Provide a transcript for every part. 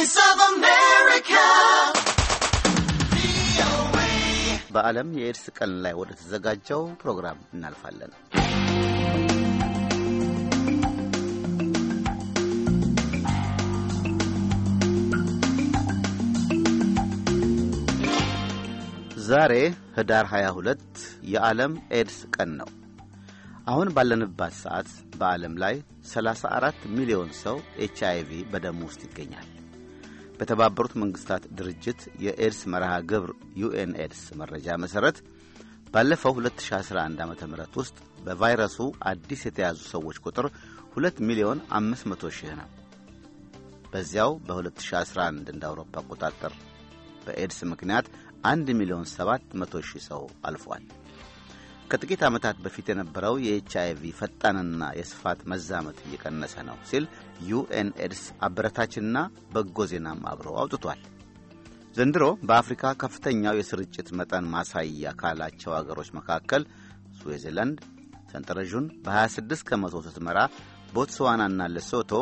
Voice በዓለም የኤድስ ቀን ላይ ወደ ተዘጋጀው ፕሮግራም እናልፋለን። ዛሬ ህዳር 22 የዓለም ኤድስ ቀን ነው። አሁን ባለንባት ሰዓት በዓለም ላይ 34 ሚሊዮን ሰው ኤች አይ ቪ በደሙ ውስጥ ይገኛል። በተባበሩት መንግስታት ድርጅት የኤድስ መርሃ ግብር ዩኤን ኤድስ መረጃ መሠረት ባለፈው 2011 ዓ ም ውስጥ በቫይረሱ አዲስ የተያዙ ሰዎች ቁጥር 2 ሚሊዮን 500 ሺህ ነው። በዚያው በ2011 እንደ አውሮፓ አቆጣጠር በኤድስ ምክንያት 1 ሚሊዮን 700 ሺህ ሰው አልፏል። ከጥቂት ዓመታት በፊት የነበረው የኤች ቪ ፈጣንና የስፋት መዛመት እየቀነሰ ነው ሲል ዩኤን ኤድስ አበረታችና በጎ ዜናም አብረው አውጥቷል። ዘንድሮ በአፍሪካ ከፍተኛው የስርጭት መጠን ማሳያ ካላቸው አገሮች መካከል ስዊዘርላንድ ሰንጠረዡን በ26 ከመቶ ስትመራ፣ ቦትስዋናና ሌሶቶ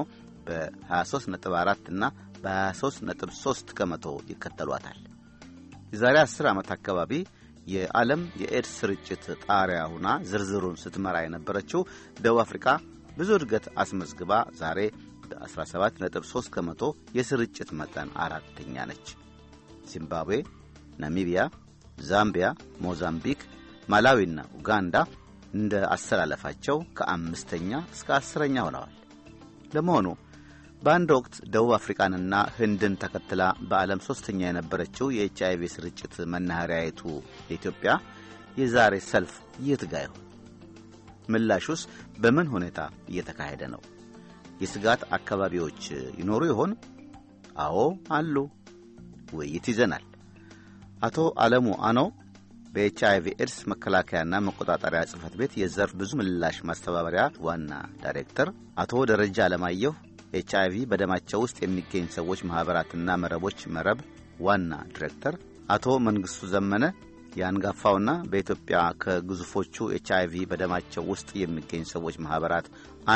በ23.4 እና በ23.3 ከመቶ ይከተሏታል። የዛሬ 10 ዓመት አካባቢ የዓለም የኤድስ ስርጭት ጣሪያ ሁና ዝርዝሩን ስትመራ የነበረችው ደቡብ አፍሪካ ብዙ እድገት አስመዝግባ ዛሬ 17.3 ከመቶ የስርጭት መጠን አራተኛ ነች። ዚምባብዌ፣ ናሚቢያ፣ ዛምቢያ፣ ሞዛምቢክ፣ ማላዊና ኡጋንዳ እንደ አሰላለፋቸው ከአምስተኛ እስከ አስረኛ ሆነዋል። ለመሆኑ በአንድ ወቅት ደቡብ አፍሪቃንና ህንድን ተከትላ በዓለም ሶስተኛ የነበረችው የኤች አይቪ ስርጭት መናኸሪያይቱ ኢትዮጵያ የዛሬ ሰልፍ የት ጋ ይሆን? ምላሹስ በምን ሁኔታ እየተካሄደ ነው? የስጋት አካባቢዎች ይኖሩ ይሆን? አዎ አሉ። ውይይት ይዘናል። አቶ አለሙ አኖ በኤች አይቪ ኤድስ መከላከያና መቆጣጠሪያ ጽህፈት ቤት የዘርፍ ብዙ ምላሽ ማስተባበሪያ ዋና ዳይሬክተር፣ አቶ ደረጃ አለማየሁ ኤች አይቪ በደማቸው ውስጥ የሚገኝ ሰዎች ማኅበራትና መረቦች መረብ ዋና ዲሬክተር አቶ መንግሥቱ ዘመነ የአንጋፋውና በኢትዮጵያ ከግዙፎቹ ኤች አይቪ በደማቸው ውስጥ የሚገኝ ሰዎች ማኅበራት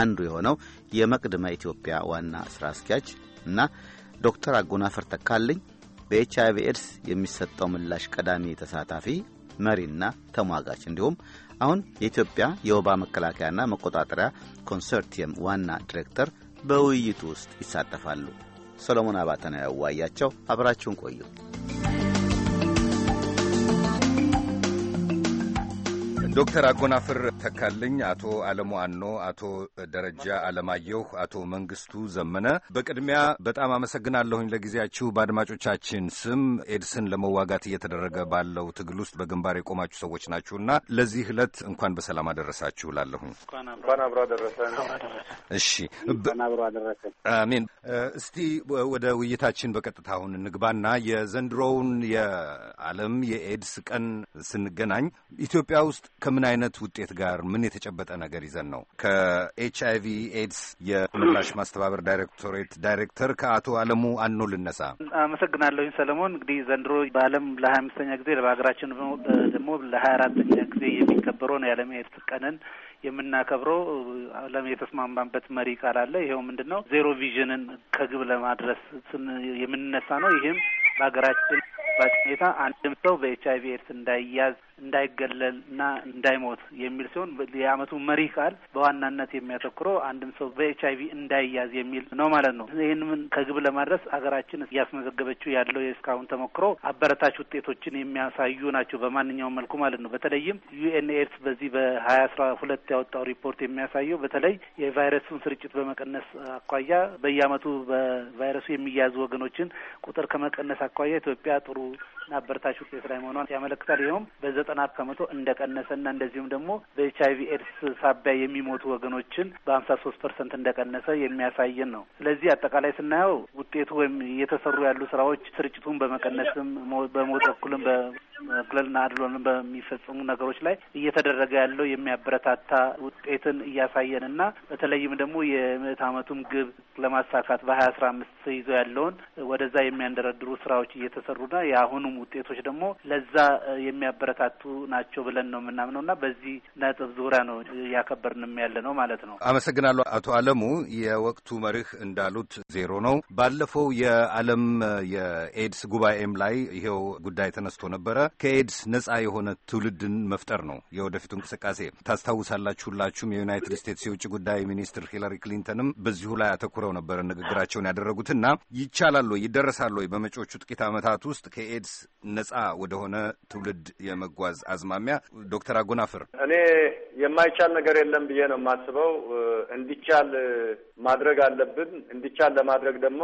አንዱ የሆነው የመቅድመ ኢትዮጵያ ዋና ሥራ አስኪያጅ እና ዶክተር አጎናፈር ተካልኝ በኤች አይቪ ኤድስ የሚሰጠው ምላሽ ቀዳሚ ተሳታፊ መሪና ተሟጋች እንዲሁም አሁን የኢትዮጵያ የወባ መከላከያና መቆጣጠሪያ ኮንሰርቲየም ዋና ዲሬክተር በውይይቱ ውስጥ ይሳተፋሉ። ሰሎሞን አባተ ነው ያዋያቸው። አብራችሁን ቆዩ። ዶክተር አጎናፍር ተካልኝ፣ አቶ አለሙ አኖ፣ አቶ ደረጃ አለማየሁ፣ አቶ መንግስቱ ዘመነ በቅድሚያ በጣም አመሰግናለሁኝ ለጊዜያችሁ። በአድማጮቻችን ስም ኤድስን ለመዋጋት እየተደረገ ባለው ትግል ውስጥ በግንባር የቆማችሁ ሰዎች ናችሁና ለዚህ ዕለት እንኳን በሰላም አደረሳችሁ ላለሁኝ እንኳን አብሮ እሺ፣ አብሮ አሜን። እስቲ ወደ ውይይታችን በቀጥታ አሁን እንግባና የዘንድሮውን የዓለም የኤድስ ቀን ስንገናኝ ኢትዮጵያ ውስጥ ከምን አይነት ውጤት ጋር ምን የተጨበጠ ነገር ይዘን ነው? ከኤች አይ ቪ ኤድስ የምላሽ ማስተባበር ዳይሬክቶሬት ዳይሬክተር ከአቶ አለሙ አኖ ልነሳ። አመሰግናለሁኝ ሰለሞን። እንግዲህ ዘንድሮ በዓለም ለሀያ አምስተኛ ጊዜ በሀገራችን ደግሞ ለሀያ አራተኛ ጊዜ የሚከበረው ነው የዓለም ኤድስ ቀንን የምናከብረው ዓለም የተስማማበት መሪ ቃል አለ። ይኸው ምንድን ነው? ዜሮ ቪዥንን ከግብ ለማድረስ የምንነሳ ነው። ይህም በሀገራችን ሁኔታ አንድም ሰው በኤች አይቪ ኤድስ እንዳይያዝ እንዳይገለል እና እንዳይሞት የሚል ሲሆን የአመቱ መሪ ቃል በዋናነት የሚያተኩረው አንድም ሰው በኤች አይቪ እንዳይያዝ የሚል ነው ማለት ነው። ይህንም ከግብ ለማድረስ ሀገራችን እያስመዘገበችው ያለው የእስካሁን ተሞክሮ አበረታች ውጤቶችን የሚያሳዩ ናቸው በማንኛውም መልኩ ማለት ነው። በተለይም ዩኤን ኤድስ በዚህ በሀያ አስራ ሁለት ያወጣው ሪፖርት የሚያሳየው በተለይ የቫይረሱን ስርጭት በመቀነስ አኳያ በየአመቱ በቫይረሱ የሚያዙ ወገኖችን ቁጥር ከመቀነስ አኳያ ኢትዮጵያ ጥሩ አበረታች ውጤት ላይ መሆኗን ያመለክታል። ይኸውም በዘጠ ዘጠና ከመቶ እንደቀነሰና እንደዚሁም ደግሞ በኤች አይቪ ኤድስ ሳቢያ የሚሞቱ ወገኖችን በሀምሳ ሶስት ፐርሰንት እንደቀነሰ የሚያሳየን ነው። ስለዚህ አጠቃላይ ስናየው ውጤቱ ወይም እየተሰሩ ያሉ ስራዎች ስርጭቱን በመቀነስም በሞት በኩልም በመግለልና አድሎን በሚፈጽሙ ነገሮች ላይ እየተደረገ ያለው የሚያበረታታ ውጤትን እያሳየን እና በተለይም ደግሞ የምዕት አመቱም ግብ ለማሳካት በሀያ አስራ አምስት ይዞ ያለውን ወደዛ የሚያንደረድሩ ስራዎች እየተሰሩና የአሁኑም ውጤቶች ደግሞ ለዛ የሚያበረታ የተውጣጡ ናቸው ብለን ነው የምናምነው እና በዚህ ነጥብ ዙሪያ ነው እያከበርንም ያለ ነው ማለት ነው። አመሰግናለሁ አቶ አለሙ። የወቅቱ መርህ እንዳሉት ዜሮ ነው። ባለፈው የዓለም የኤድስ ጉባኤም ላይ ይሄው ጉዳይ ተነስቶ ነበረ። ከኤድስ ነጻ የሆነ ትውልድን መፍጠር ነው የወደፊቱ እንቅስቃሴ። ታስታውሳላችሁ ሁላችሁም የዩናይትድ ስቴትስ የውጭ ጉዳይ ሚኒስትር ሂላሪ ክሊንተንም በዚሁ ላይ አተኩረው ነበረ ንግግራቸውን ያደረጉትና ይቻላል ወይ ይደረሳል ወይ በመጪዎቹ ጥቂት ዓመታት ውስጥ ከኤድስ ነጻ ወደሆነ ትውልድ የመጓ የመጓዝ አዝማሚያ ዶክተር አጎናፍር? እኔ የማይቻል ነገር የለም ብዬ ነው የማስበው። እንዲቻል ማድረግ አለብን። እንዲቻል ለማድረግ ደግሞ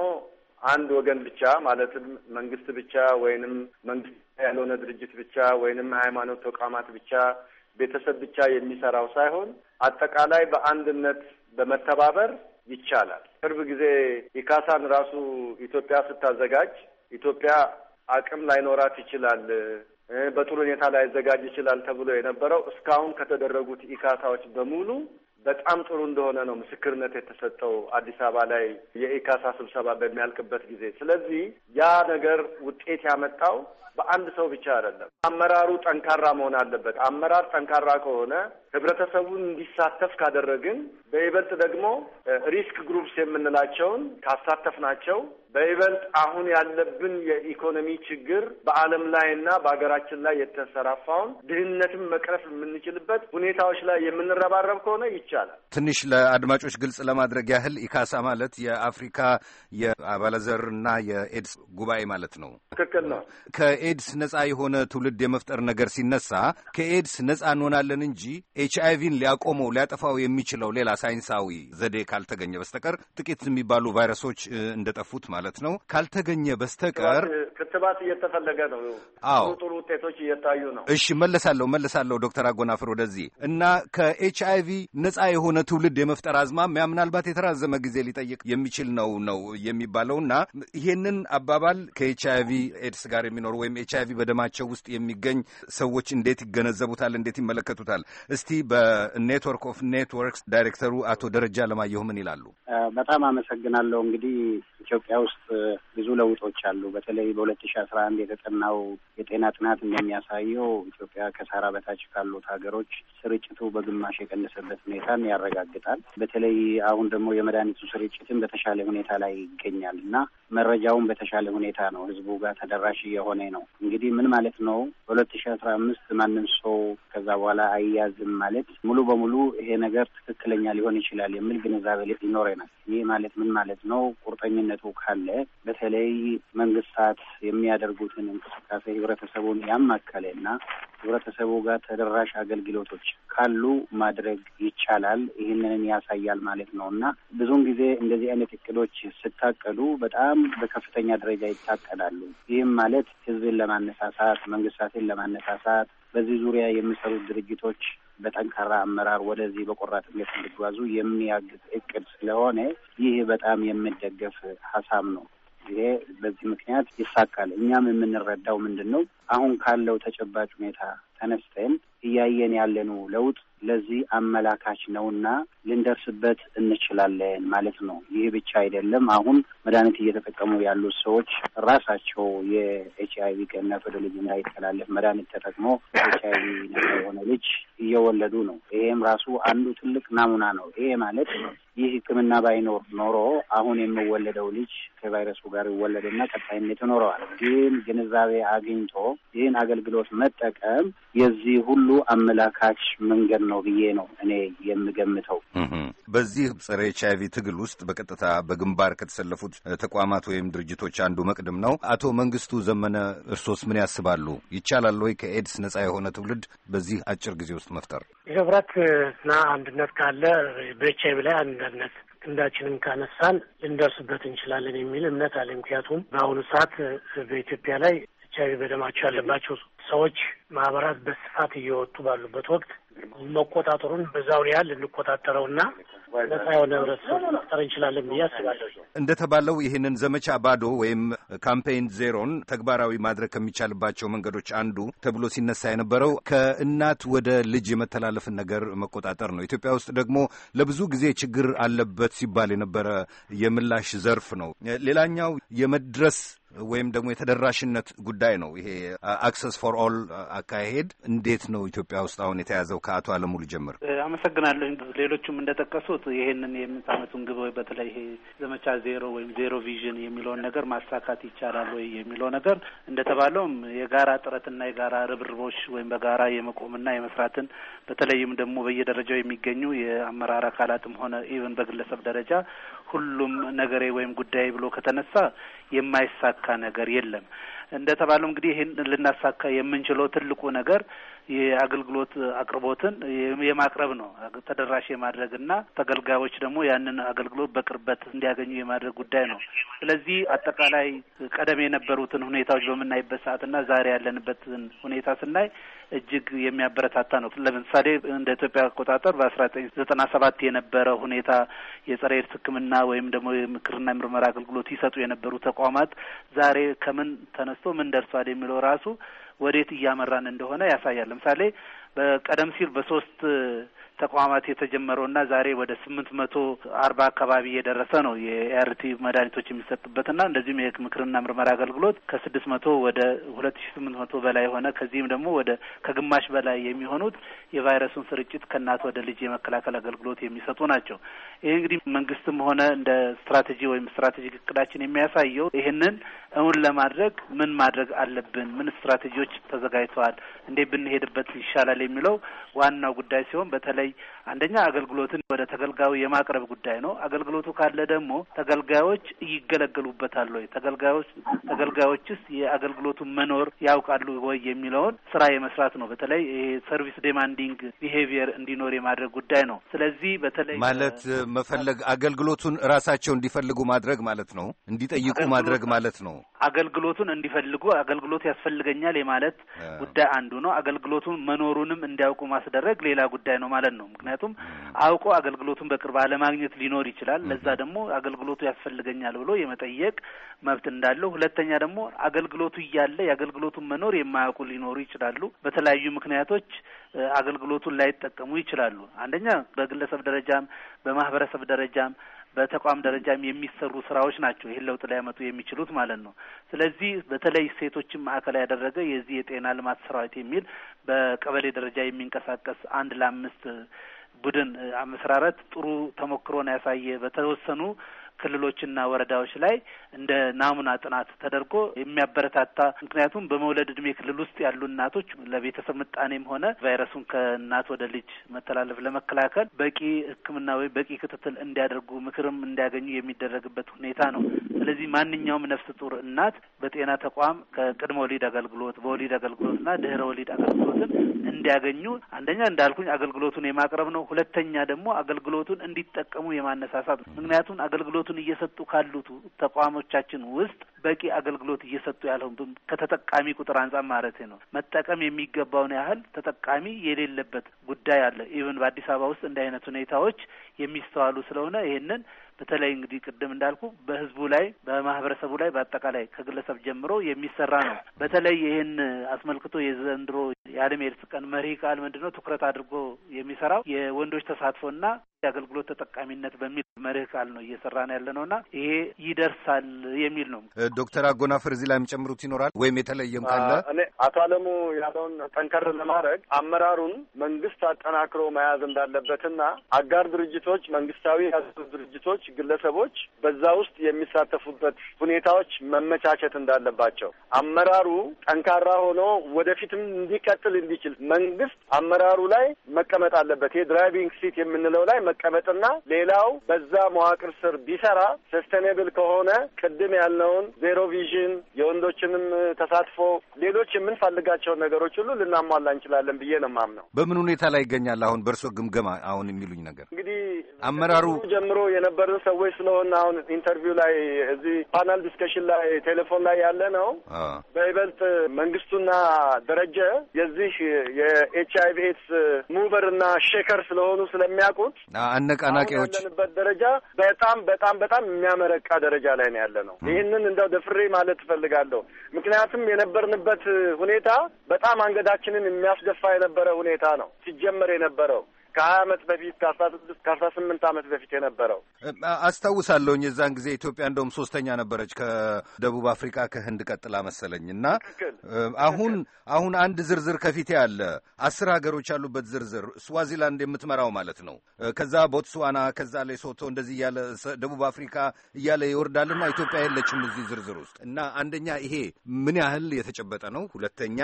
አንድ ወገን ብቻ ማለትም መንግስት ብቻ ወይንም መንግስት ያልሆነ ድርጅት ብቻ ወይንም ሃይማኖት ተቋማት ብቻ ቤተሰብ ብቻ የሚሰራው ሳይሆን አጠቃላይ በአንድነት በመተባበር ይቻላል። ቅርብ ጊዜ ኢካሳን ራሱ ኢትዮጵያ ስታዘጋጅ ኢትዮጵያ አቅም ላይኖራት ይችላል በጥሩ ሁኔታ ላይዘጋጅ ይችላል ተብሎ የነበረው እስካሁን ከተደረጉት ኢካሳዎች በሙሉ በጣም ጥሩ እንደሆነ ነው ምስክርነት የተሰጠው አዲስ አበባ ላይ የኢካሳ ስብሰባ በሚያልቅበት ጊዜ። ስለዚህ ያ ነገር ውጤት ያመጣው በአንድ ሰው ብቻ አይደለም። አመራሩ ጠንካራ መሆን አለበት። አመራር ጠንካራ ከሆነ ህብረተሰቡን እንዲሳተፍ ካደረግን በይበልጥ ደግሞ ሪስክ ግሩፕስ የምንላቸውን ካሳተፍናቸው በይበልጥ አሁን ያለብን የኢኮኖሚ ችግር በዓለም ላይ እና በሀገራችን ላይ የተንሰራፋውን ድህነትን መቅረፍ የምንችልበት ሁኔታዎች ላይ የምንረባረብ ከሆነ ይቻላል። ትንሽ ለአድማጮች ግልጽ ለማድረግ ያህል ኢካሳ ማለት የአፍሪካ የአባለዘር እና የኤድስ ጉባኤ ማለት ነው። ትክክል ነው። ከኤድስ ነጻ የሆነ ትውልድ የመፍጠር ነገር ሲነሳ ከኤድስ ነጻ እንሆናለን እንጂ ኤች አይቪን ሊያቆመው ሊያጠፋው የሚችለው ሌላ ሳይንሳዊ ዘዴ ካልተገኘ በስተቀር ጥቂት የሚባሉ ቫይረሶች እንደጠፉት ማለት ነው ካልተገኘ በስተቀር ክትባት እየተፈለገ ነው። አዎ ጥሩ ውጤቶች እየታዩ ነው። እሺ መለሳለሁ መለሳለሁ ዶክተር አጎናፍር ወደዚህ እና ከኤች አይቪ ነጻ የሆነ ትውልድ የመፍጠር አዝማሚያ ምናልባት የተራዘመ ጊዜ ሊጠይቅ የሚችል ነው ነው የሚባለው እና ይሄንን አባባል ከኤች አይቪ ኤድስ ጋር የሚኖሩ ወይም ኤች አይቪ በደማቸው ውስጥ የሚገኝ ሰዎች እንዴት ይገነዘቡታል? እንዴት ይመለከቱታል? እስቲ እስቲ በኔትወርክ ኦፍ ኔትወርክስ ዳይሬክተሩ አቶ ደረጃ አለማየሁ ምን ይላሉ? በጣም አመሰግናለሁ። እንግዲህ ኢትዮጵያ ውስጥ ብዙ ለውጦች አሉ። በተለይ በሁለት ሺ አስራ አንድ የተጠናው የጤና ጥናት እንደሚያሳየው ኢትዮጵያ ከሳራ በታች ካሉት ሀገሮች ስርጭቱ በግማሽ የቀነሰበት ሁኔታን ያረጋግጣል። በተለይ አሁን ደግሞ የመድኃኒቱ ስርጭትን በተሻለ ሁኔታ ላይ ይገኛል እና መረጃውን በተሻለ ሁኔታ ነው ህዝቡ ጋር ተደራሽ እየሆነ ነው። እንግዲህ ምን ማለት ነው? በሁለት ሺ አስራ አምስት ማንም ሰው ከዛ በኋላ አያዝም? ማለት ሙሉ በሙሉ ይሄ ነገር ትክክለኛ ሊሆን ይችላል የሚል ግንዛቤ ይኖረናል። ይህ ማለት ምን ማለት ነው? ቁርጠኝነቱ ካለ በተለይ መንግስታት የሚያደርጉትን እንቅስቃሴ ህብረተሰቡን ያማከለ እና ህብረተሰቡ ጋር ተደራሽ አገልግሎቶች ካሉ ማድረግ ይቻላል። ይህንን ያሳያል ማለት ነው እና ብዙውን ጊዜ እንደዚህ አይነት እቅዶች ስታቀዱ በጣም በከፍተኛ ደረጃ ይታቀዳሉ። ይህም ማለት ህዝብን ለማነሳሳት መንግስታትን ለማነሳሳት በዚህ ዙሪያ የሚሰሩ ድርጅቶች በጠንካራ አመራር ወደዚህ በቆራጥነት እንዲጓዙ የሚያግዝ እቅድ ስለሆነ ይህ በጣም የሚደገፍ ሀሳብ ነው። ይሄ በዚህ ምክንያት ይሳካል። እኛም የምንረዳው ምንድን ነው አሁን ካለው ተጨባጭ ሁኔታ ተነስተን እያየን ያለነው ለውጥ ለዚህ አመላካች ነውና ልንደርስበት እንችላለን ማለት ነው። ይህ ብቻ አይደለም። አሁን መድኃኒት እየተጠቀሙ ያሉት ሰዎች ራሳቸው የኤች አይቪ ገነት ወደ ልጅ እንዳይተላለፍ መድኃኒት ተጠቅሞ ኤች አይቪ የሆነ ልጅ እየወለዱ ነው። ይሄም ራሱ አንዱ ትልቅ ናሙና ነው። ይሄ ማለት ይህ ሕክምና ባይኖር ኖሮ አሁን የምወለደው ልጅ ከቫይረሱ ጋር ይወለድና ቀጣይነት ይኖረዋል። ግን ግንዛቤ አግኝቶ ይህን አገልግሎት መጠቀም የዚህ ሁሉ ሁሉ አመላካች መንገድ ነው ብዬ ነው እኔ የምገምተው። በዚህ ጸረ ኤች አይቪ ትግል ውስጥ በቀጥታ በግንባር ከተሰለፉት ተቋማት ወይም ድርጅቶች አንዱ መቅድም ነው። አቶ መንግስቱ ዘመነ እርሶስ ምን ያስባሉ? ይቻላል ወይ ከኤድስ ነጻ የሆነ ትውልድ በዚህ አጭር ጊዜ ውስጥ መፍጠር? ህብረትና አንድነት ካለ በኤች አይቪ ላይ አንድነት ክንዳችንም ካነሳን ልንደርስበት እንችላለን የሚል እምነት አለ። ምክንያቱም በአሁኑ ሰዓት በኢትዮጵያ ላይ ኤች አይቪ በደማቸው ያለባቸው ሰዎች ማህበራት በስፋት እየወጡ ባሉበት ወቅት መቆጣጠሩን በዛው ሪያ ልንቆጣጠረውና ነጻ የሆነ ህብረተሰብ መፍጠር እንችላለን ብዬ አስባለሁ። እንደተባለው ይህንን ዘመቻ ባዶ ወይም ካምፔይን ዜሮን ተግባራዊ ማድረግ ከሚቻልባቸው መንገዶች አንዱ ተብሎ ሲነሳ የነበረው ከእናት ወደ ልጅ የመተላለፍን ነገር መቆጣጠር ነው። ኢትዮጵያ ውስጥ ደግሞ ለብዙ ጊዜ ችግር አለበት ሲባል የነበረ የምላሽ ዘርፍ ነው። ሌላኛው የመድረስ ወይም ደግሞ የተደራሽነት ጉዳይ ነው። ይሄ አክሰስ ፎር ኦል አካሄድ እንዴት ነው ኢትዮጵያ ውስጥ አሁን የተያዘው? ከአቶ አለሙ ልጀምር። አመሰግናለሁ። ሌሎቹም እንደጠቀሱት ይሄንን የአምስት ዓመቱን ግብ በተለይ ይሄ ዘመቻ ዜሮ ወይም ዜሮ ቪዥን የሚለውን ነገር ማሳካት ይቻላል ወይ የሚለው ነገር እንደተባለውም የጋራ ጥረትና የጋራ ርብርቦች ወይም በጋራ የመቆምና የመስራትን በተለይም ደግሞ በየደረጃው የሚገኙ የአመራር አካላትም ሆነ ኢቨን በግለሰብ ደረጃ ሁሉም ነገሬ ወይም ጉዳይ ብሎ ከተነሳ የማይሳካ ነገር የለም። እንደ ተባለው እንግዲህ ይህን ልናሳካ የምንችለው ትልቁ ነገር የአገልግሎት አቅርቦትን የማቅረብ ነው፣ ተደራሽ የማድረግ እና ተገልጋዮች ደግሞ ያንን አገልግሎት በቅርበት እንዲያገኙ የማድረግ ጉዳይ ነው። ስለዚህ አጠቃላይ ቀደም የነበሩትን ሁኔታዎች በምናይበት ሰዓትና ዛሬ ያለንበትን ሁኔታ ስናይ እጅግ የሚያበረታታ ነው። ለምሳሌ እንደ ኢትዮጵያ አቆጣጠር በአስራ ዘጠኝ ዘጠና ሰባት የነበረ ሁኔታ የጸረ ኤድስ ሕክምና ወይም ደግሞ የምክርና የምርመራ አገልግሎት ይሰጡ የነበሩ ተቋማት ዛሬ ከምን ተነስቶ ምን ደርሷል የሚለው ራሱ ወዴት እያመራን እንደሆነ ያሳያል። ለምሳሌ በቀደም ሲል በሶስት ተቋማት የተጀመረው እና ዛሬ ወደ ስምንት መቶ አርባ አካባቢ የደረሰ ነው የኤአርቲ መድኃኒቶች የሚሰጥበትና እንደዚሁም የምክርና ምርመራ አገልግሎት ከስድስት መቶ ወደ ሁለት ሺ ስምንት መቶ በላይ ሆነ ከዚህም ደግሞ ወደ ከግማሽ በላይ የሚሆኑት የቫይረሱን ስርጭት ከእናት ወደ ልጅ የመከላከል አገልግሎት የሚሰጡ ናቸው። ይህ እንግዲህ መንግስትም ሆነ እንደ ስትራቴጂ ወይም ስትራቴጂክ እቅዳችን የሚያሳየው ይህንን እውን ለማድረግ ምን ማድረግ አለብን? ምን ስትራቴጂዎች ተዘጋጅተዋል? እንዴት ብንሄድበት ይሻላል? የሚለው ዋናው ጉዳይ ሲሆን በተለይ አንደኛ አገልግሎትን ወደ ተገልጋዩ የማቅረብ ጉዳይ ነው። አገልግሎቱ ካለ ደግሞ ተገልጋዮች ይገለገሉበታል ወይ፣ ተገልጋዮች ተገልጋዮችስ የአገልግሎቱን መኖር ያውቃሉ ወይ የሚለውን ስራ የመስራት ነው። በተለይ ይሄ ሰርቪስ ዴማንዲንግ ቢሄቪየር እንዲኖር የማድረግ ጉዳይ ነው። ስለዚህ በተለይ ማለት መፈለግ አገልግሎቱን ራሳቸው እንዲፈልጉ ማድረግ ማለት ነው፣ እንዲጠይቁ ማድረግ ማለት ነው። አገልግሎቱን እንዲፈልጉ አገልግሎት ያስፈልገኛል የማለት ጉዳይ አንዱ ነው። አገልግሎቱን መኖሩንም እንዲያውቁ ማስደረግ ሌላ ጉዳይ ነው ማለት ነው። ምክንያቱም አውቆ አገልግሎቱን በቅርብ አለማግኘት ሊኖር ይችላል። ለዛ ደግሞ አገልግሎቱ ያስፈልገኛል ብሎ የመጠየቅ መብት እንዳለው፣ ሁለተኛ ደግሞ አገልግሎቱ እያለ የአገልግሎቱን መኖር የማያውቁ ሊኖሩ ይችላሉ። በተለያዩ ምክንያቶች አገልግሎቱን ላይጠቀሙ ይችላሉ። አንደኛ በግለሰብ ደረጃም በማህበረሰብ ደረጃም በተቋም ደረጃም የሚሰሩ ስራዎች ናቸው ይህን ለውጥ ሊያመጡ የሚችሉት ማለት ነው። ስለዚህ በተለይ ሴቶችን ማዕከል ያደረገ የዚህ የጤና ልማት ሰራዊት የሚል በቀበሌ ደረጃ የሚንቀሳቀስ አንድ ለአምስት ቡድን አመስራረት ጥሩ ተሞክሮን ያሳየ በተወሰኑ ክልሎችና ወረዳዎች ላይ እንደ ናሙና ጥናት ተደርጎ የሚያበረታታ ምክንያቱም በመውለድ እድሜ ክልል ውስጥ ያሉ እናቶች ለቤተሰብ ምጣኔም ሆነ ቫይረሱን ከእናት ወደ ልጅ መተላለፍ ለመከላከል በቂ ሕክምና ወይም በቂ ክትትል እንዲያደርጉ ምክርም እንዲያገኙ የሚደረግበት ሁኔታ ነው። ስለዚህ ማንኛውም ነፍስ ጡር እናት በጤና ተቋም ከቅድመ ወሊድ አገልግሎት፣ በወሊድ አገልግሎትና ድህረ ወሊድ አገልግሎትን እንዲያገኙ አንደኛ እንዳልኩኝ አገልግሎቱን የማቅረብ ነው። ሁለተኛ ደግሞ አገልግሎቱን እንዲጠቀሙ የማነሳሳት ነው። ምክንያቱም አገልግሎት አገልግሎቱን እየሰጡ ካሉት ተቋሞቻችን ውስጥ በቂ አገልግሎት እየሰጡ ያልሆኑትም ከተጠቃሚ ቁጥር አንጻር ማለት ነው። መጠቀም የሚገባውን ያህል ተጠቃሚ የሌለበት ጉዳይ አለ። ኢቨን በአዲስ አበባ ውስጥ እንደ አይነት ሁኔታዎች የሚስተዋሉ ስለሆነ ይህንን በተለይ እንግዲህ ቅድም እንዳልኩ በህዝቡ ላይ በማህበረሰቡ ላይ በአጠቃላይ ከግለሰብ ጀምሮ የሚሰራ ነው። በተለይ ይህን አስመልክቶ የዘንድሮ የዓለም ኤድስ ቀን መሪ ቃል ምንድን ነው? ትኩረት አድርጎ የሚሰራው የወንዶች ተሳትፎና የአገልግሎት ተጠቃሚነት በሚል መርህ ቃል ነው እየሰራ ነው ያለ ነውና ይሄ ይደርሳል የሚል ነው። ዶክተር አጎናፍር እዚህ ላይ የሚጨምሩት ይኖራል ወይም የተለየም ካለ እኔ አቶ አለሙ ያለውን ጠንከር ለማድረግ አመራሩን መንግስት አጠናክሮ መያዝ እንዳለበትና አጋር ድርጅቶች፣ መንግስታዊ ያሉ ድርጅቶች፣ ግለሰቦች በዛ ውስጥ የሚሳተፉበት ሁኔታዎች መመቻቸት እንዳለባቸው አመራሩ ጠንካራ ሆኖ ወደፊትም እንዲቀ ሊቀጥል እንዲችል መንግስት አመራሩ ላይ መቀመጥ አለበት። የድራይቪንግ ሲት የምንለው ላይ መቀመጥና ሌላው በዛ መዋቅር ስር ቢሰራ ሰስቴኔብል ከሆነ ቅድም ያልነውን ዜሮ ቪዥን፣ የወንዶችንም ተሳትፎ፣ ሌሎች የምንፈልጋቸውን ነገሮች ሁሉ ልናሟላ እንችላለን ብዬ ነው የማምነው። በምን ሁኔታ ላይ ይገኛል? አሁን በእርሶ ግምገማ አሁን የሚሉኝ ነገር እንግዲህ አመራሩ ጀምሮ የነበርን ሰዎች ስለሆነ አሁን ኢንተርቪው ላይ እዚህ ፓናል ዲስከሽን ላይ ቴሌፎን ላይ ያለ ነው በይበልጥ መንግስቱና ደረጀ ስለዚህ የኤች አይቪ ኤድስ ሙቨር እና ሼከር ስለሆኑ ስለሚያውቁት አነቃናቂዎች ያለንበት ደረጃ በጣም በጣም በጣም የሚያመረቃ ደረጃ ላይ ነው ያለ ነው። ይህንን እንደው ደፍሬ ማለት እፈልጋለሁ። ምክንያቱም የነበርንበት ሁኔታ በጣም አንገዳችንን የሚያስደፋ የነበረ ሁኔታ ነው ሲጀመር የነበረው ከሀያ አመት በፊት ከአስራ ስድስት ከአስራ ስምንት አመት በፊት የነበረው አስታውሳለሁኝ። የዛን ጊዜ ኢትዮጵያ እንደውም ሶስተኛ ነበረች ከደቡብ አፍሪካ ከህንድ ቀጥላ መሰለኝ። እና አሁን አሁን አንድ ዝርዝር ከፊቴ አለ፣ አስር ሀገሮች ያሉበት ዝርዝር ስዋዚላንድ የምትመራው ማለት ነው። ከዛ ቦትስዋና፣ ከዛ ሌሶቶ እንደዚህ እያለ ደቡብ አፍሪካ እያለ ይወርዳልና ኢትዮጵያ የለችም እዚህ ዝርዝር ውስጥ እና አንደኛ ይሄ ምን ያህል የተጨበጠ ነው? ሁለተኛ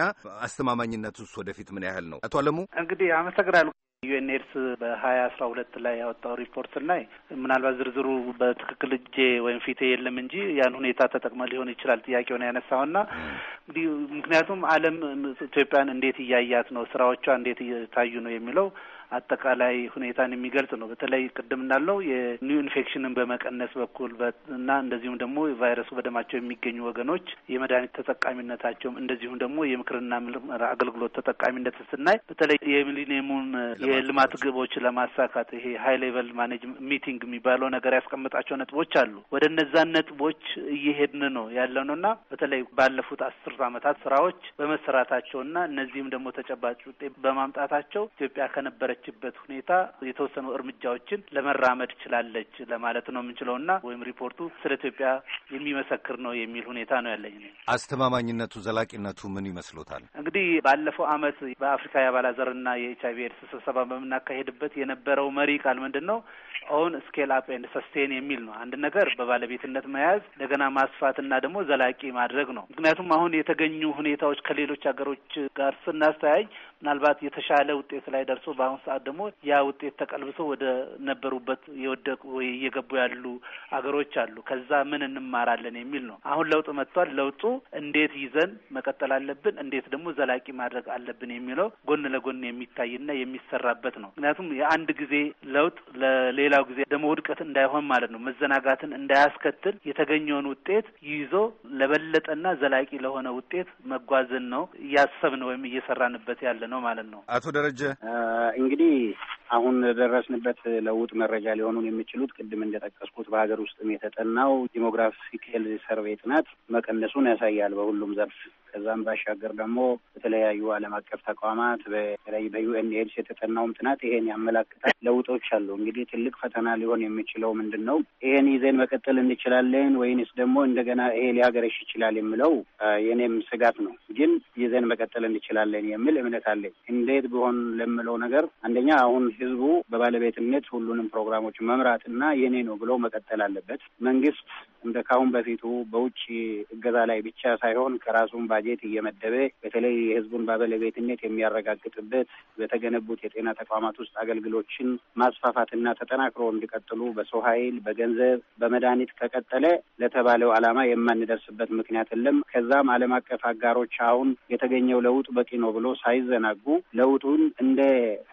አስተማማኝነት ውስጥ ወደፊት ምን ያህል ነው? አቶ አለሙ እንግዲህ አመሰግናለሁ። ዩኤንኤድስ በሀያ አስራ ሁለት ላይ ያወጣው ሪፖርት ላይ ምናልባት ዝርዝሩ በትክክል እጄ ወይም ፊቴ የለም እንጂ ያን ሁኔታ ተጠቅመ ሊሆን ይችላል ጥያቄውን ያነሳውና እንግዲህ ምክንያቱም ዓለም ኢትዮጵያን እንዴት እያያት ነው፣ ስራዎቿ እንዴት እየታዩ ነው የሚለው አጠቃላይ ሁኔታን የሚገልጽ ነው። በተለይ ቅድም እንዳለው የኒው ኢንፌክሽንን በመቀነስ በኩል እና እንደዚሁም ደግሞ ቫይረሱ በደማቸው የሚገኙ ወገኖች የመድኃኒት ተጠቃሚነታቸውም እንደዚሁም ደግሞ የምክርና ምርመራ አገልግሎት ተጠቃሚነት ስናይ በተለይ የሚሊኒየሙን የልማት ግቦች ለማሳካት ይሄ ሀይ ሌቨል ማኔጅ ሚቲንግ የሚባለው ነገር ያስቀምጣቸው ነጥቦች አሉ። ወደ እነዛን ነጥቦች እየሄድን ነው ያለው ነው እና በተለይ ባለፉት አስርት ዓመታት ስራዎች በመሰራታቸውና እነዚህም ደግሞ ተጨባጭ ውጤት በማምጣታቸው ኢትዮጵያ ከነበረ በነበረችበት ሁኔታ የተወሰኑ እርምጃዎችን ለመራመድ ችላለች ለማለት ነው የምንችለው እና ወይም ሪፖርቱ ስለ ኢትዮጵያ የሚመሰክር ነው የሚል ሁኔታ ነው ያለኝ። አስተማማኝነቱ ዘላቂነቱ ምን ይመስሎታል? እንግዲህ ባለፈው ዓመት በአፍሪካ የአባላ የኤች አይቪ ኤድስ ስብሰባ በምናካሄድበት የነበረው መሪ ቃል ምንድን ነው? ኦን ስኬል አፕ ኤንድ ሰስቴን የሚል ነው። አንድ ነገር በባለቤትነት መያዝ እንደገና ማስፋትና ደግሞ ዘላቂ ማድረግ ነው። ምክንያቱም አሁን የተገኙ ሁኔታዎች ከሌሎች ሀገሮች ጋር ስናስተያይ ምናልባት የተሻለ ውጤት ላይ ደርሶ በአሁኑ ሰዓት ደግሞ ያ ውጤት ተቀልብሶ ወደ ነበሩበት የወደቁ ወይ እየገቡ ያሉ አገሮች አሉ። ከዛ ምን እንማራለን የሚል ነው። አሁን ለውጥ መጥቷል። ለውጡ እንዴት ይዘን መቀጠል አለብን፣ እንዴት ደግሞ ዘላቂ ማድረግ አለብን የሚለው ጎን ለጎን የሚታይና የሚሰራበት ነው። ምክንያቱም የአንድ ጊዜ ለውጥ ለሌላው ጊዜ ደግሞ ውድቀት እንዳይሆን ማለት ነው፣ መዘናጋትን እንዳያስከትል የተገኘውን ውጤት ይዞ ለበለጠና ዘላቂ ለሆነ ውጤት መጓዝን ነው እያሰብን ወይም እየሰራንበት ያለ ነው ነው ማለት ነው። አቶ ደረጀ እንግዲህ አሁን ደረስንበት ለውጥ መረጃ ሊሆኑን የሚችሉት ቅድም እንደጠቀስኩት በሀገር ውስጥም የተጠናው ዲሞግራፊካል ሰርቬይ ጥናት መቀነሱን ያሳያል በሁሉም ዘርፍ። ከዛም ባሻገር ደግሞ በተለያዩ ዓለም አቀፍ ተቋማት በተለይ በዩኤን ኤድስ የተጠናውም ጥናት ይሄን ያመላክታል። ለውጦች አሉ። እንግዲህ ትልቅ ፈተና ሊሆን የሚችለው ምንድን ነው? ይሄን ይዘን መቀጠል እንችላለን ወይንስ ደግሞ እንደገና ይሄ ሊያገረሽ ይችላል የሚለው የእኔም ስጋት ነው። ግን ይዘን መቀጠል እንችላለን የሚል እምነት አለ አለኝ። እንዴት ቢሆን ለምለው ነገር አንደኛ አሁን ህዝቡ በባለቤትነት ሁሉንም ፕሮግራሞች መምራትና የኔ ነው ብሎ መቀጠል አለበት። መንግስት እንደ ካሁን በፊቱ በውጭ እገዛ ላይ ብቻ ሳይሆን ከራሱን ባጀት እየመደበ በተለይ የህዝቡን ባለቤትነት የሚያረጋግጥበት በተገነቡት የጤና ተቋማት ውስጥ አገልግሎችን ማስፋፋትና ተጠናክሮ እንዲቀጥሉ በሰው ኃይል፣ በገንዘብ፣ በመድኃኒት ከቀጠለ ለተባለው ዓላማ የማንደርስበት ምክንያት የለም። ከዛም ዓለም አቀፍ አጋሮች አሁን የተገኘው ለውጥ በቂ ነው ብሎ ሳይዘና ሲያዘናጉ ለውጡን እንደ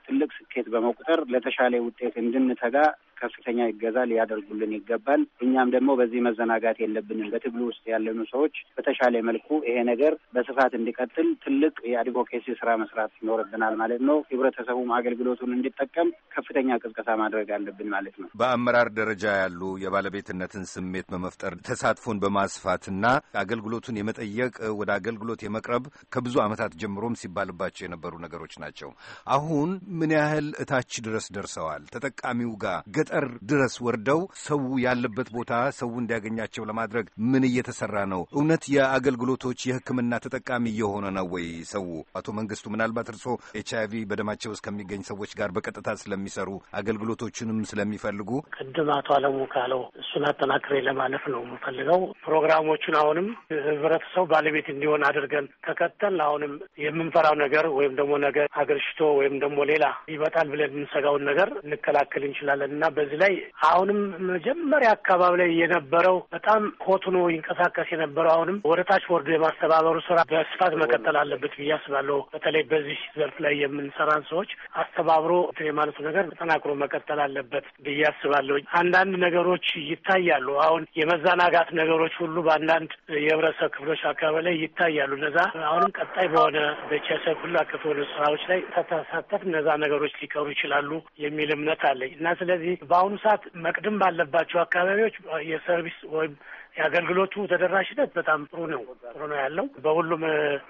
ትልቅ ስኬት በመቁጠር ለተሻለ ውጤት እንድንተጋ ከፍተኛ ይገዛ ሊያደርጉልን ይገባል። እኛም ደግሞ በዚህ መዘናጋት የለብንም። በትግሉ ውስጥ ያለኑ ሰዎች በተሻለ መልኩ ይሄ ነገር በስፋት እንዲቀጥል ትልቅ የአድቮኬሲ ስራ መስራት ይኖርብናል ማለት ነው። ህብረተሰቡም አገልግሎቱን እንዲጠቀም ከፍተኛ ቅስቀሳ ማድረግ አለብን ማለት ነው። በአመራር ደረጃ ያሉ የባለቤትነትን ስሜት በመፍጠር ተሳትፎን በማስፋትና አገልግሎቱን የመጠየቅ ወደ አገልግሎት የመቅረብ ከብዙ ዓመታት ጀምሮም ሲባልባቸው የነበሩ ነገሮች ናቸው። አሁን ምን ያህል እታች ድረስ ደርሰዋል? ተጠቃሚው ጋር ገጠር ድረስ ወርደው ሰው ያለበት ቦታ ሰው እንዲያገኛቸው ለማድረግ ምን እየተሰራ ነው? እውነት የአገልግሎቶች የሕክምና ተጠቃሚ የሆነ ነው ወይ ሰው? አቶ መንግስቱ ምናልባት እርስዎ ኤች አይቪ በደማቸው እስከሚገኝ ሰዎች ጋር በቀጥታ ስለሚሰሩ አገልግሎቶችንም ስለሚፈልጉ ቅድም አቶ አለሙ ካለው እሱን አጠናክሬ ለማለፍ ነው የምፈልገው። ፕሮግራሞቹን አሁንም ህብረተሰቡ ባለቤት እንዲሆን አድርገን ከቀጠል አሁንም የምንፈራው ነገር ወይም ደግሞ ነገር አገርሽቶ ወይም ደግሞ ሌላ ይመጣል ብለን የምንሰጋውን ነገር ልከላከል እንችላለን እና በዚህ ላይ አሁንም መጀመሪያ አካባቢ ላይ የነበረው በጣም ሆትኖ ይንቀሳቀስ የነበረው አሁንም ወደ ታች ወርዶ የማስተባበሩ ስራ በስፋት መቀጠል አለበት ብዬ አስባለሁ። በተለይ በዚህ ዘርፍ ላይ የምንሰራን ሰዎች አስተባብሮ የማለቱ ነገር ተጠናክሮ መቀጠል አለበት ብዬ አስባለሁ። አንዳንድ ነገሮች ይታያሉ። አሁን የመዘናጋት ነገሮች ሁሉ በአንዳንድ የህብረተሰብ ክፍሎች አካባቢ ላይ ይታያሉ። እነዛ አሁንም ቀጣይ በሆነ በቸሰብ ሁሉ አቀፍ ስራዎች ላይ ተተሳተፍ እነዛ ነገሮች ሊቀሩ ይችላሉ የሚል እምነት አለኝ እና ስለዚህ በአሁኑ ሰዓት መቅድም ባለባቸው አካባቢዎች የሰርቪስ ወይም የአገልግሎቱ ተደራሽነት በጣም ጥሩ ነው ጥሩ ነው ያለው። በሁሉም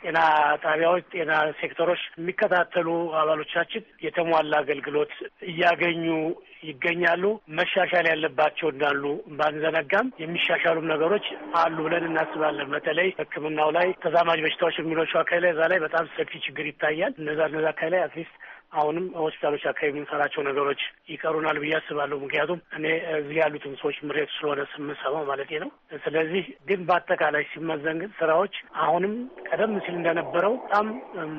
ጤና ጣቢያዎች፣ ጤና ሴክተሮች የሚከታተሉ አባሎቻችን የተሟላ አገልግሎት እያገኙ ይገኛሉ። መሻሻል ያለባቸው እንዳሉ ባንዘነጋም የሚሻሻሉም ነገሮች አሉ ብለን እናስባለን። በተለይ ሕክምናው ላይ ተዛማጅ በሽታዎች የሚሏቸው አካባቢ ላይ እዛ ላይ በጣም ሰፊ ችግር ይታያል። እነዛ እነዛ አካባቢ ላይ አትሊስት አሁንም ሆስፒታሎች አካባቢ የምንሰራቸው ነገሮች ይቀሩናል ብዬ አስባለሁ። ምክንያቱም እኔ እዚህ ያሉትን ሰዎች ምሬት ስለሆነ ስምሰማው ማለት ነው። ስለዚህ ግን በአጠቃላይ ሲመዘን ግን ስራዎች አሁንም ቀደም ሲል እንደነበረው በጣም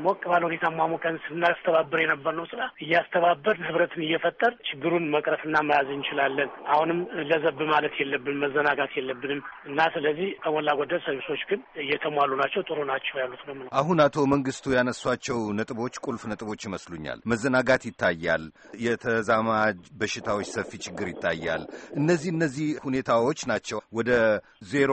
ሞቅ ባለ ሁኔታ ማሞቀን ስናስተባበር ነው ስራ እያስተባበር ህብረትን እየፈጠር ችግሩን መቅረፍና መያዝ እንችላለን። አሁንም ለዘብ ማለት የለብን መዘናጋት የለብንም እና ስለዚህ ከሞላ ጎደል ሰርቪሶች ግን እየተሟሉ ናቸው፣ ጥሩ ናቸው ያሉት ነው። አሁን አቶ መንግስቱ ያነሷቸው ነጥቦች ቁልፍ ነጥቦች ይመስሉኛል። መዘናጋት ይታያል። የተዛማጅ በሽታዎች ሰፊ ችግር ይታያል። እነዚህ እነዚህ ሁኔታዎች ናቸው ወደ ዜሮ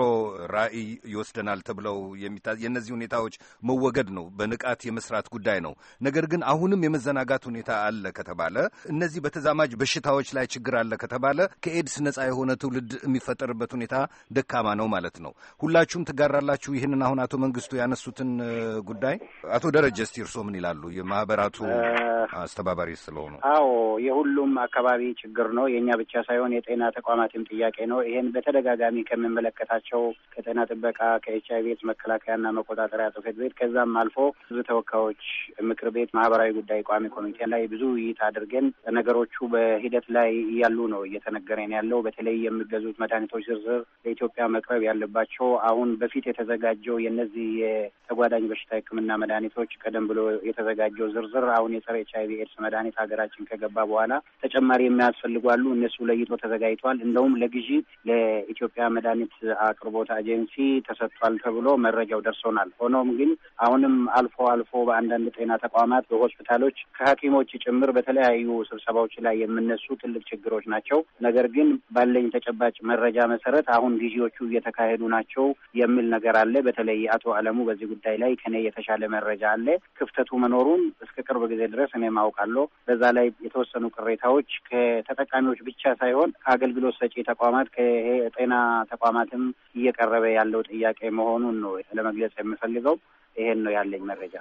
ራዕይ ይወስደናል ተብለው የሚታ የእነዚህ ሁኔታዎች መወገድ ነው በንቃት የመስራት ጉዳይ ነው። ነገር ግን አሁንም የመዘናጋት ሁኔታ አለ ከተባለ እነዚህ በተዛማጅ በሽታዎች ላይ ችግር አለ ከተባለ ከኤድስ ነጻ የሆነ ትውልድ የሚፈጠርበት ሁኔታ ደካማ ነው ማለት ነው። ሁላችሁም ትጋራላችሁ ይህንን አሁን አቶ መንግስቱ ያነሱትን uh, ጉዳይ። አቶ ደረጀ እስቲ እርስዎ ምን ይላሉ? የማህበራቱ uh, አስተባባሪ ስለሆኑ። አዎ የሁሉም አካባቢ ችግር ነው። የእኛ ብቻ ሳይሆን የጤና ተቋማትም ጥያቄ ነው። ይሄን በተደጋጋሚ ከምመለከታቸው ከጤና ጥበቃ፣ ከኤች አይ ቪ ኤድስ መከላከያና መቆጣጠሪያ ጽሕፈት ቤት ከዛም አልፎ ብዙ ተወካዮች ምክር ቤት ማህበራዊ ጉዳይ ቋሚ ኮሚቴ ላይ ብዙ ውይይት አድርገን ነገሮቹ በሂደት ላይ እያሉ ነው እየተነገረን ያለው። በተለይ የሚገዙት መድኃኒቶች ዝርዝር ለኢትዮጵያ መቅረብ ያለባቸው አሁን በፊት የተዘጋጀው የእነዚህ የተጓዳኝ በሽታ ሕክምና መድኃኒቶች ቀደም ብሎ የተዘጋጀው ዝርዝር አሁን የጸረ ኤች አይቪ ኤድስ መድኃኒት ሀገራችን ከገባ በኋላ ተጨማሪ የሚያስፈልጉ አሉ። እነሱ ለይቶ ተዘጋጅቷል። እንደውም ለግዢ ለኢትዮጵያ መድኃኒት አቅርቦት ኤጀንሲ ተሰጥቷል ተብሎ መረጃው ደርሶናል። ሆኖም ግን አሁንም አልፎ አልፎ በአንዳንድ ጤና ተቋማት፣ በሆስፒታሎች ከሐኪሞች ጭምር በተለያዩ ስብሰባዎች ላይ የምነሱ ትልቅ ችግሮች ናቸው። ነገር ግን ባለኝ ተጨባጭ መረጃ መሰረት አሁን ግዢዎቹ እየተካሄዱ ናቸው የሚል ነገር አለ። በተለይ አቶ አለሙ በዚህ ጉዳይ ላይ ከኔ የተሻለ መረጃ አለ። ክፍተቱ መኖሩን እስከ ቅርብ ጊዜ ድረስ እኔም አውቃለሁ። በዛ ላይ የተወሰኑ ቅሬታዎች ከተጠቃሚዎች ብቻ ሳይሆን ከአገልግሎት ሰጪ ተቋማት ከጤና ተቋማትም እየቀረበ ያለው ጥያቄ መሆኑን ነው ለመግለጽ የምፈልገው። ይሄን ነው ያለኝ መረጃ።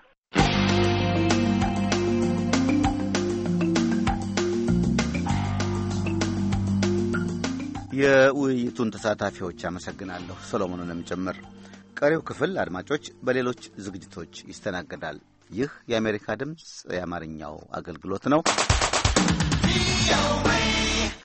የውይይቱን ተሳታፊዎች አመሰግናለሁ፣ ሰሎሞኑንም ጭምር። ቀሪው ክፍል አድማጮች በሌሎች ዝግጅቶች ይስተናገዳል። ይህ የአሜሪካ ድምፅ የአማርኛው አገልግሎት ነው።